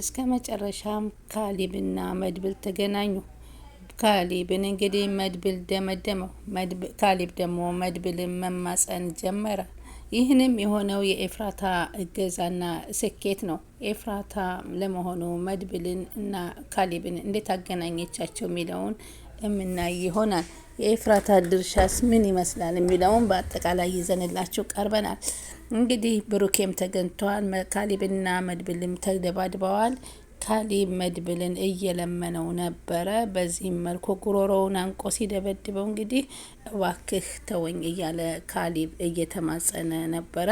እስከ መጨረሻም ካሊብና መድብል ተገናኙ። ካሊብን እንግዲህ መድብል ደመደመው። ካሊብ ደግሞ መድብልን መማጸን ጀመረ። ይህንም የሆነው የኤፍራታ እገዛና ስኬት ነው። ኤፍራታ ለመሆኑ መድብልን እና ካሊብን እንዴት አገናኘቻቸው የሚለውን የምናይ ይሆናል። የኤፍራታ ድርሻስ ምን ይመስላል የሚለውን በአጠቃላይ ይዘንላችሁ ቀርበናል። እንግዲህ ብሩኬም ተገኝተዋል። ካሊብና መድብልም ተደባድበዋል። ካሌብ መድብልን እየለመነው ነበረ። በዚህም መልኩ ጉሮሮውን አንቆ ሲደበድበው እንግዲህ እባክህ ተወኝ እያለ ካሌብ እየተማጸነ ነበረ።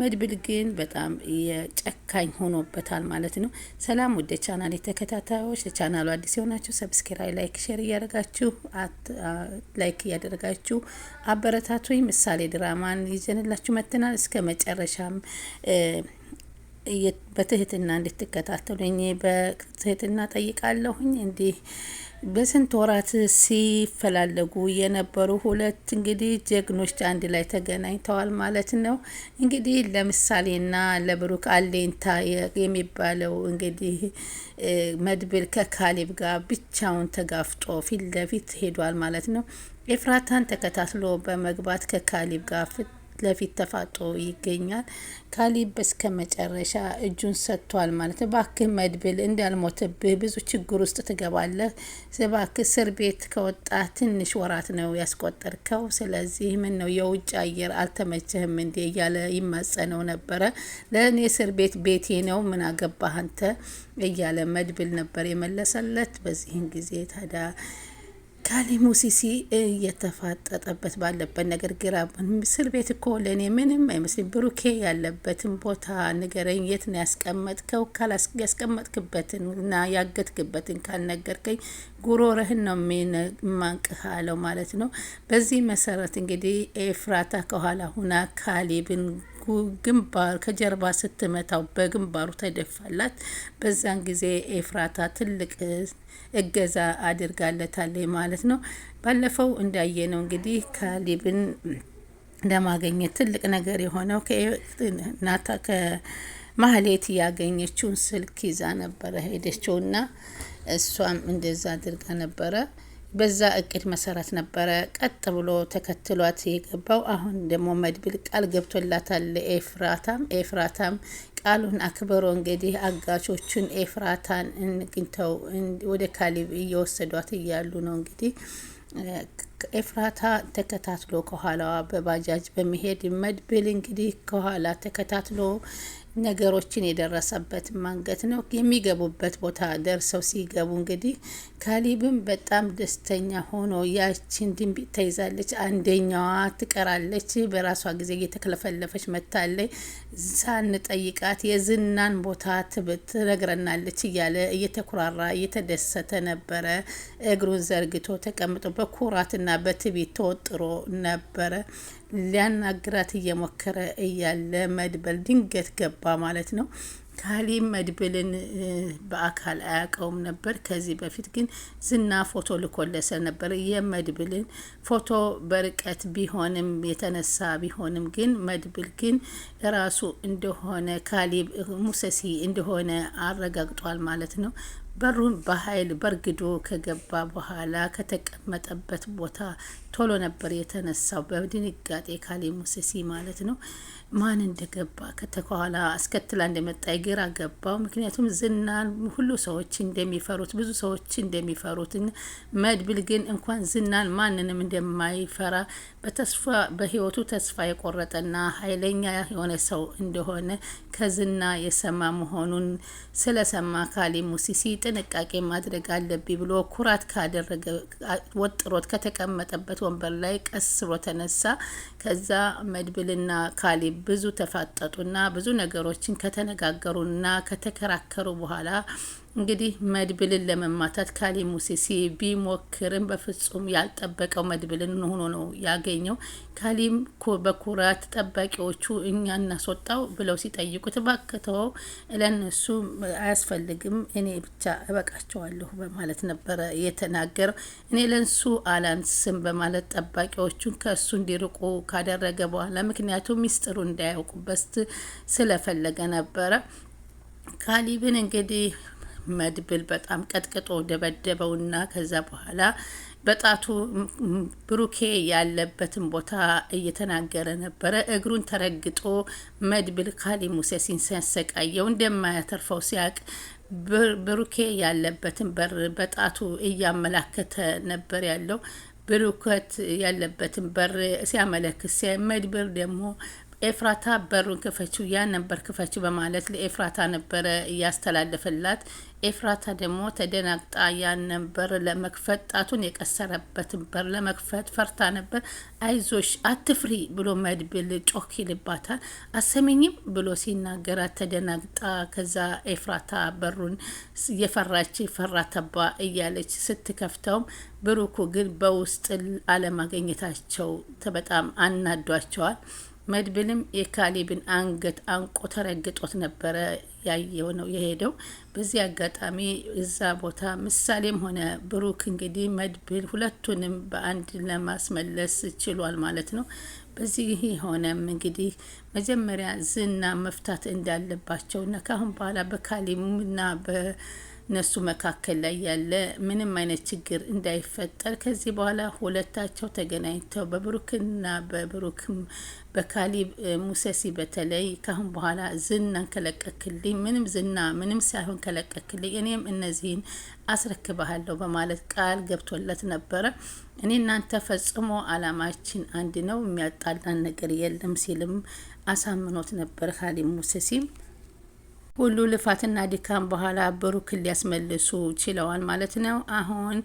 መድብል ግን በጣም የጨካኝ ሆኖበታል ማለት ነው። ሰላም ወደ ቻናል የተከታታዮች ለቻናሉ አዲስ የሆናችሁ ሰብስክራይ፣ ላይክ፣ ሼር እያደረጋችሁ ላይክ እያደረጋችሁ አበረታቱኝ። ምሳሌ ድራማን ይዘንላችሁ መጥተናል። እስከ መጨረሻም በትህትና እንድትከታተሉኝ በትህትና ጠይቃለሁኝ። እንዲህ በስንት ወራት ሲፈላለጉ የነበሩ ሁለት እንግዲህ ጀግኖች አንድ ላይ ተገናኝተዋል ማለት ነው። እንግዲህ ለምሳሌና ለብሩክ አሌንታ የሚባለው እንግዲህ መድብል ከካሌብ ጋር ብቻውን ተጋፍጦ ፊት ለፊት ሄዷል ማለት ነው። ኤፍራታን ተከታትሎ በመግባት ከካሌብ ጋር ለፊት ተፋጦ ይገኛል። ካሊብ እስከ መጨረሻ እጁን ሰጥቷል ማለት ነው። እባክህ መድብል እንዳልሞትብህ ብዙ ችግር ውስጥ ትገባለህ። ስባክ እስር ቤት ከወጣ ትንሽ ወራት ነው ያስቆጠርከው። ስለዚህ ምን ነው የውጭ አየር አልተመቸህም እንዴ? እያለ ይማጸነው ነበረ። ለእኔ እስር ቤት ቤቴ ነው፣ ምን አገባህ አንተ እያለ መድብል ነበር የመለሰለት። በዚህን ጊዜ ታዲያ ካሊሙ ሙሲሲ እየተፋጠጠበት ባለበት ነገር ግራ ምስል ቤት እኮ ለእኔ ምንም አይመስልም። ብሩኬ ያለበትን ቦታ ንገረኝ፣ የት ነው ያስቀመጥከው? ያስቀመጥክበትን እና ያገትክበትን ካልነገርከኝ ጉሮረህን ነው የሚማንቅህ አለው ማለት ነው። በዚህ መሰረት እንግዲህ ኤፍራታ ከኋላ ሁና ካሊብን ግንባር ከጀርባ ስትመታው በግንባሩ ተደፋላት። በዛን ጊዜ ኤፍራታ ትልቅ እገዛ አድርጋለታለች ማለት ነው። ባለፈው እንዳየነው እንግዲህ ካሊብን ለማገኘት ትልቅ ነገር የሆነው ናታ ከማህሌት ያገኘችውን ስልክ ይዛ ነበረ ሄደችውና እሷም እንደዛ አድርጋ ነበረ። በዛ እቅድ መሰረት ነበረ ቀጥ ብሎ ተከትሏት የገባው። አሁን ደግሞ መድብል ቃል ገብቶላታል ኤፍራታም ኤፍራታም ቃሉን አክብሮ እንግዲህ አጋቾቹን ኤፍራታን እንግኝተው ወደ ካሊብ እየወሰዷት እያሉ ነው እንግዲህ ኤፍራታ ተከታትሎ ከኋላዋ በባጃጅ በመሄድ መድብል እንግዲህ ከኋላ ተከታትሎ ነገሮችን የደረሰበት መንገድ ነው። የሚገቡበት ቦታ ደርሰው ሲገቡ እንግዲህ ካሊብም በጣም ደስተኛ ሆኖ ያችን ድንቢጥ ተይዛለች፣ አንደኛዋ ትቀራለች። በራሷ ጊዜ እየተክለፈለፈች መታለይ ሳንጠይቃት የዝናን ቦታ ትነግረናለች እያለ እየተኩራራ እየተደሰተ ነበረ። እግሩን ዘርግቶ ተቀምጦ በኩራትና በትቢት ተወጥሮ ነበረ። ሊያናግራት እየሞከረ እያለ መድበል ድንገት ገባ ማለት ነው። ካሊም መድብልን በአካል አያውቀውም ነበር። ከዚህ በፊት ግን ዝና ፎቶ ልኮለሰ ነበር። የመድብልን ፎቶ በርቀት ቢሆንም የተነሳ ቢሆንም ግን መድብል ግን ራሱ እንደሆነ ካሌብ ሙሰሲ እንደሆነ አረጋግጧል ማለት ነው። በሩን በኃይል በርግዶ ከገባ በኋላ ከተቀመጠበት ቦታ ቶሎ ነበር የተነሳው በድንጋጤ ካሌ ሙሴሲ ማለት ነው። ማን እንደገባ ከተከኋላ አስከትላ እንደመጣ ግራ ገባው። ምክንያቱም ዝናን ሁሉ ሰዎች እንደሚፈሩት ብዙ ሰዎች እንደሚፈሩት መድብል ግን እንኳን ዝናን ማንንም እንደማይፈራ በተስፋ በህይወቱ ተስፋ የቆረጠና ኃይለኛ የሆነ ሰው እንደሆነ ከዝና የሰማ መሆኑን ስለሰማ ካሌ ሙሲሲ ጥንቃቄ ማድረግ አለብኝ ብሎ ኩራት ካደረገ ወጥሮት ከተቀመጠበት ወንበር ላይ ቀስ ብሎ ተነሳ። ከዛ መድብልና ካሌብ ብዙ ተፋጠጡና ብዙ ነገሮችን ከተነጋገሩና ከተከራከሩ በኋላ እንግዲህ መድብልን ለመማታት ካሌ ሙሴሲ ቢሞክርም በፍጹም ያልጠበቀው መድብልን ሆኖ ነው ያገኘው። ካሌም በኩራት ጠባቂዎቹ እኛ እናስወጣው ብለው ሲጠይቁት ባክተው ለነሱ አያስፈልግም እኔ ብቻ እበቃቸዋለሁ በማለት ነበረ የተናገረው። እኔ ለእንሱ አላንስም በማለት ጠባቂዎቹን ከእሱ እንዲርቁ ካደረገ በኋላ ምክንያቱም ሚስጥሩ እንዳያውቁበት ስለፈለገ ነበረ። ካሊብን እንግዲህ መድብል በጣም ቀጥቅጦ ደበደበውና ከዛ በኋላ በጣቱ ብሩኬ ያለበትን ቦታ እየተናገረ ነበረ። እግሩን ተረግጦ መድብል ካሊ ሙሴሲን ሲያሰቃየው እንደማያተርፈው ሲያቅ ብሩኬ ያለበትን በር በጣቱ እያመላከተ ነበር ያለው ብሩከት ያለበትን በር ሲያመለክት ሲያይ መድብል ደግሞ ኤፍራታ በሩን ክፈችው፣ ያ ነበር ክፈችው በማለት ለኤፍራታ ነበረ እያስተላለፈላት። ኤፍራታ ደግሞ ተደናግጣ ያ ነበር ለመክፈት ጣቱን የቀሰረበትን በር ለመክፈት ፈርታ ነበር። አይዞሽ አትፍሪ ብሎ መድብል ጮክ ይልባታል። አሰሚኝም ብሎ ሲናገራት ተደናግጣ፣ ከዛ ኤፍራታ በሩን የፈራች ፈራተባ እያለች ስትከፍተውም ብሩኩ ግን በውስጥ አለማገኘታቸው በጣም አናዷቸዋል። መድብልም የካሌብን አንገት አንቆ ተረግጦት ነበረ ያየው ነው የሄደው። በዚህ አጋጣሚ እዛ ቦታ ምሳሌም ሆነ ብሩክ እንግዲህ መድብል ሁለቱንም በአንድ ለማስመለስ ችሏል ማለት ነው። በዚህ ሆነም እንግዲህ መጀመሪያ ዝና መፍታት እንዳለባቸው እና ከአሁን በኋላ በካሌብና እነሱ መካከል ላይ ያለ ምንም አይነት ችግር እንዳይፈጠር ከዚህ በኋላ ሁለታቸው ተገናኝተው በብሩክና በብሩክ በካሊብ ሙሰሲ በተለይ ካሁን በኋላ ዝናን ከለቀክልኝ ምንም ዝና ምንም ሳይሆን ከለቀክልኝ እኔም እነዚህን አስረክብሃለሁ በማለት ቃል ገብቶለት ነበረ። እኔ እናንተ ፈጽሞ አላማችን አንድ ነው፣ የሚያጣላን ነገር የለም ሲልም አሳምኖት ነበር ካሊብ ሙሰሲም ሁሉ ልፋትና ድካም በኋላ ብሩክን ሊያስመልሱ ችለዋል ማለት ነው። አሁን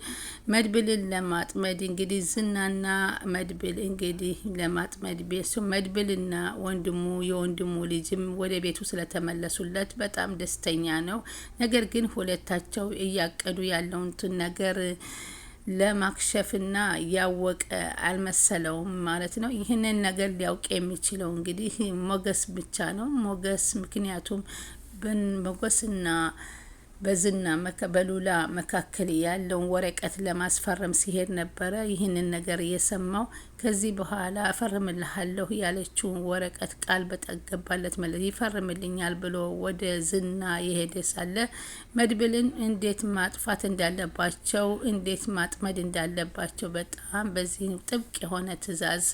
መድብልን ለማጥመድ እንግዲህ ዝናና መድብል እንግዲህ ለማጥመድ ቤሱ መድብልና ወንድሙ የወንድሙ ልጅም ወደ ቤቱ ስለተመለሱለት በጣም ደስተኛ ነው። ነገር ግን ሁለታቸው እያቀዱ ያለውንትን ነገር ለማክሸፍና ያወቀ አልመሰለውም ማለት ነው። ይህንን ነገር ሊያውቅ የሚችለው እንግዲህ ሞገስ ብቻ ነው። ሞገስ ምክንያቱም መጎስና በዝና በሉላ መካከል ያለውን ወረቀት ለማስፈረም ሲሄድ ነበረ ይህንን ነገር የሰማው ከዚህ በኋላ እፈርምልሃለሁ ያለችውን ወረቀት ቃል በጠገባለት መለት ይፈርምልኛል ብሎ ወደ ዝና የሄደ ሳለ መድብልን እንዴት ማጥፋት እንዳለባቸው፣ እንዴት ማጥመድ እንዳለባቸው በጣም በዚህ ጥብቅ የሆነ ትዕዛዝ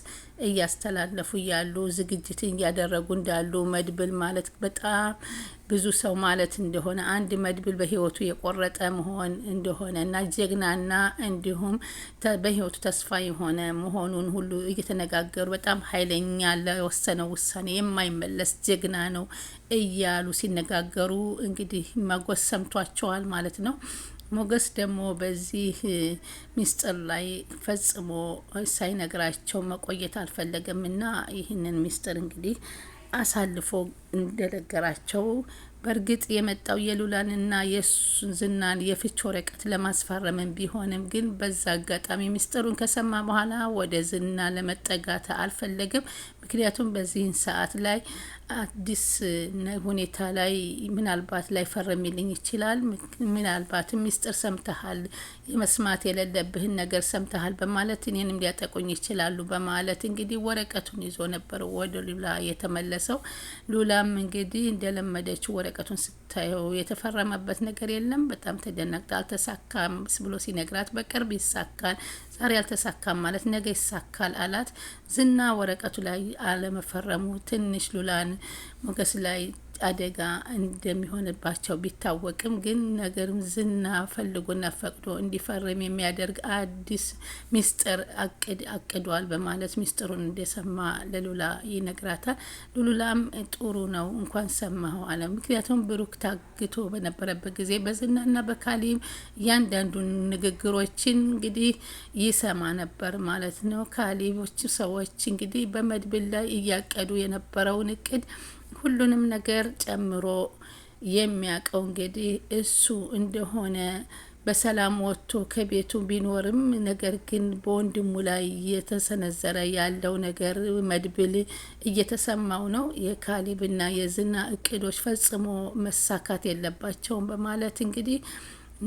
እያስተላለፉ ያሉ ዝግጅትን እያደረጉ እንዳሉ መድብል ማለት በጣም ብዙ ሰው ማለት እንደሆነ አንድ መድብል በህይወቱ የቆረጠ መሆን እንደሆነ እና ጀግናና እንዲሁም በህይወቱ ተስፋ የሆነ መሆኑን ሁሉ እየተነጋገሩ በጣም ኃይለኛ ለወሰነው ውሳኔ የማይመለስ ጀግና ነው እያሉ ሲነጋገሩ እንግዲህ መጎስ ሰምቷቸዋል ማለት ነው። ሞገስ ደግሞ በዚህ ሚስጥር ላይ ፈጽሞ ሳይነግራቸው መቆየት አልፈለገም እና ይህንን ሚስጥር እንግዲህ አሳልፎ እንደነገራቸው በእርግጥ የመጣው የሉላንና የሱን ዝናን የፍች ወረቀት ለማስፈረምን ቢሆንም ግን በዛ አጋጣሚ ሚስጥሩን ከሰማ በኋላ ወደ ዝና ለመጠጋት አልፈለግም ምክንያቱም በዚህን ሰዓት ላይ አዲስ ሁኔታ ላይ ምናልባት ላይ ፈረሚልኝ ይችላል፣ ምናልባት ሚስጥር ሰምተሃል፣ የመስማት የሌለብህን ነገር ሰምተሃል በማለት እኔንም ሊያጠቁኝ ይችላሉ በማለት እንግዲህ ወረቀቱን ይዞ ነበር ወደ ሉላ የተመለሰው። ሉላም እንግዲህ እንደለመደች። ወረቀ ወረቀቱን ስታየው የተፈረመበት ነገር የለም። በጣም ተደናግጣ አልተሳካም ብሎ ሲነግራት በቅርብ ይሳካል፣ ዛሬ አልተሳካም ማለት ነገ ይሳካል አላት። ዝና ወረቀቱ ላይ አለመፈረሙ ትንሽ ሉላን ሞገስ ላይ አደጋ እንደሚሆንባቸው ቢታወቅም ግን ነገርም ዝና ፈልጎና ፈቅዶ እንዲፈርም የሚያደርግ አዲስ ሚስጥር አቅድ አቅዷል በማለት ሚስጥሩን እንደሰማ ለሉላ ይነግራታል። ሉላም ጥሩ ነው እንኳን ሰማኸው አለ። ምክንያቱም ብሩክ ታግቶ በነበረበት ጊዜ በዝናና በካሊም እያንዳንዱ ንግግሮችን እንግዲህ ይሰማ ነበር ማለት ነው። ካሊቦች ሰዎች እንግዲህ በመድብል ላይ እያቀዱ የነበረውን እቅድ ሁሉንም ነገር ጨምሮ የሚያውቀው እንግዲህ እሱ እንደሆነ በሰላም ወጥቶ ከቤቱ ቢኖርም ነገር ግን በወንድሙ ላይ እየተሰነዘረ ያለው ነገር መድብል እየተሰማው ነው። የካሊብና የዝና እቅዶች ፈጽሞ መሳካት የለባቸውም በማለት እንግዲህ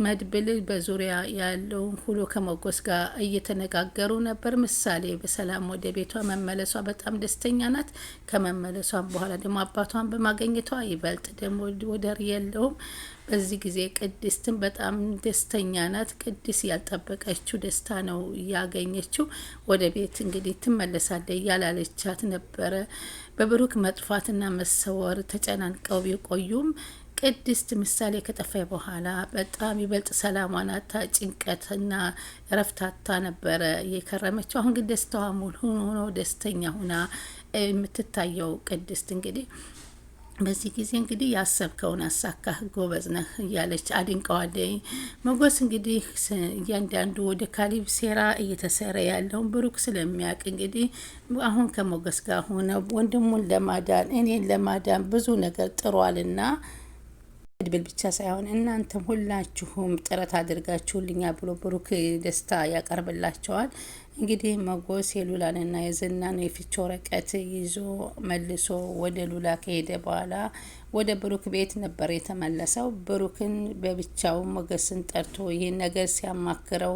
መድብል በዙሪያ ያለውን ሁሉ ከመጎስ ጋር እየተነጋገሩ ነበር። ምሳሌ በሰላም ወደ ቤቷ መመለሷ በጣም ደስተኛ ናት። ከመመለሷን በኋላ ደግሞ አባቷን በማገኘቷ ይበልጥ ደግሞ ወደር የለውም። በዚህ ጊዜ ቅድስትን በጣም ደስተኛ ናት። ቅድስ ያልጠበቀችው ደስታ ነው ያገኘችው። ወደ ቤት እንግዲህ ትመለሳለች ያላለቻት ነበረ። በብሩክ መጥፋትና መሰወር ተጨናንቀው ቢቆዩም ቅድስት ምሳሌ ከጠፋይ በኋላ በጣም ይበልጥ ሰላሟን አታ ጭንቀትና ረፍታታ ነበረ የከረመችው። አሁን ግን ደስታዋ ሙሉ ሆኖ ደስተኛ ሁና የምትታየው ቅድስት እንግዲህ በዚህ ጊዜ እንግዲህ ያሰብከውን አሳካህ፣ ጎበዝ ነህ እያለች አድንቀዋለኝ። መጎስ እንግዲህ እያንዳንዱ ወደ ካሊብ ሴራ እየተሰረ ያለውን ብሩክ ስለሚያውቅ እንግዲህ አሁን ከሞገስ ጋር ሆነ ወንድሙን ለማዳን እኔን ለማዳን ብዙ ነገር ጥሯልና መድብል ብቻ ሳይሆን እናንተም ሁላችሁም ጥረት አድርጋችሁልኛ ብሎ ብሩክ ደስታ ያቀርብላቸዋል። እንግዲህ መጎስ የሉላንና የዝናን የፍች ወረቀት ይዞ መልሶ ወደ ሉላ ከሄደ በኋላ ወደ ብሩክ ቤት ነበር የተመለሰው። ብሩክን በብቻው ሞገስን ጠርቶ ይህን ነገር ሲያማክረው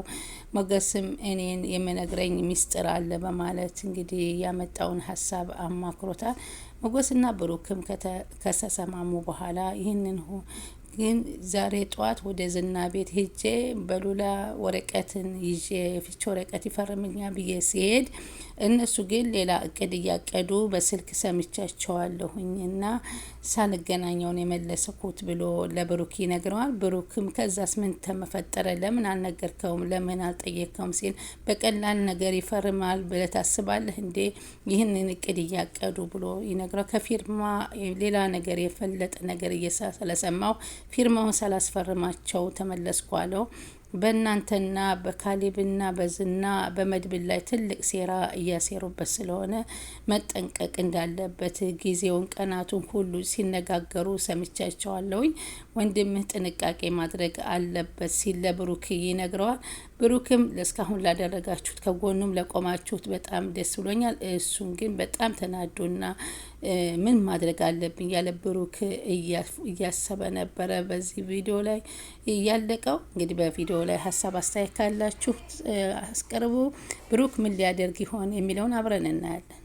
ሞገስም እኔን የመነግረኝ ሚስጥር አለ በማለት እንግዲህ ያመጣውን ሀሳብ አማክሮታል። ሞገስና ብሩክም ከተሰማሙ በኋላ ይህንን ግን ዛሬ ጠዋት ወደ ዝና ቤት ሄጄ በሉላ ወረቀትን ይዤ የፍች ወረቀት ይፈርምኛ ብዬ ሲሄድ እነሱ ግን ሌላ እቅድ እያቀዱ በስልክ ሰምቻቸዋለሁኝ እና ሳንገናኘውን የመለሰኩት ብሎ ለብሩክ ይነግረዋል። ብሩክም ከዛስ ምን ተመፈጠረ? ለምን አልነገርከውም? ለምን አልጠየቅከውም? ሲል በቀላል ነገር ይፈርማል ብለህ ታስባለህ እንዴ? ይህንን እቅድ እያቀዱ ብሎ ይነግረዋል። ከፊርማ ሌላ ነገር የፈለጠ ነገር ስለሰማው ፊርማውን ሳላስፈርማቸው ተመለስኩ አለው። በእናንተና በካሊብና በዝና በመድብል ላይ ትልቅ ሴራ እያሴሩበት ስለሆነ መጠንቀቅ እንዳለበት ጊዜውን፣ ቀናቱን ሁሉ ሲነጋገሩ ሰምቻቸዋለሁኝ። ወንድምህ ጥንቃቄ ማድረግ አለበት ሲል ለብሩክ ይነግረዋል። ብሩክም እስካሁን ላደረጋችሁት ከጎኑም ለቆማችሁት በጣም ደስ ብሎኛል። እሱን ግን በጣም ተናዶና ምን ማድረግ አለብኝ ያለ ብሩክ እያሰበ ነበረ። በዚህ ቪዲዮ ላይ እያለቀው እንግዲህ በቪዲዮ ላይ ሀሳብ አስተያየት ካላችሁ አስቀርቡ። ብሩክ ምን ሊያደርግ ይሆን የሚለውን አብረን እናያለን።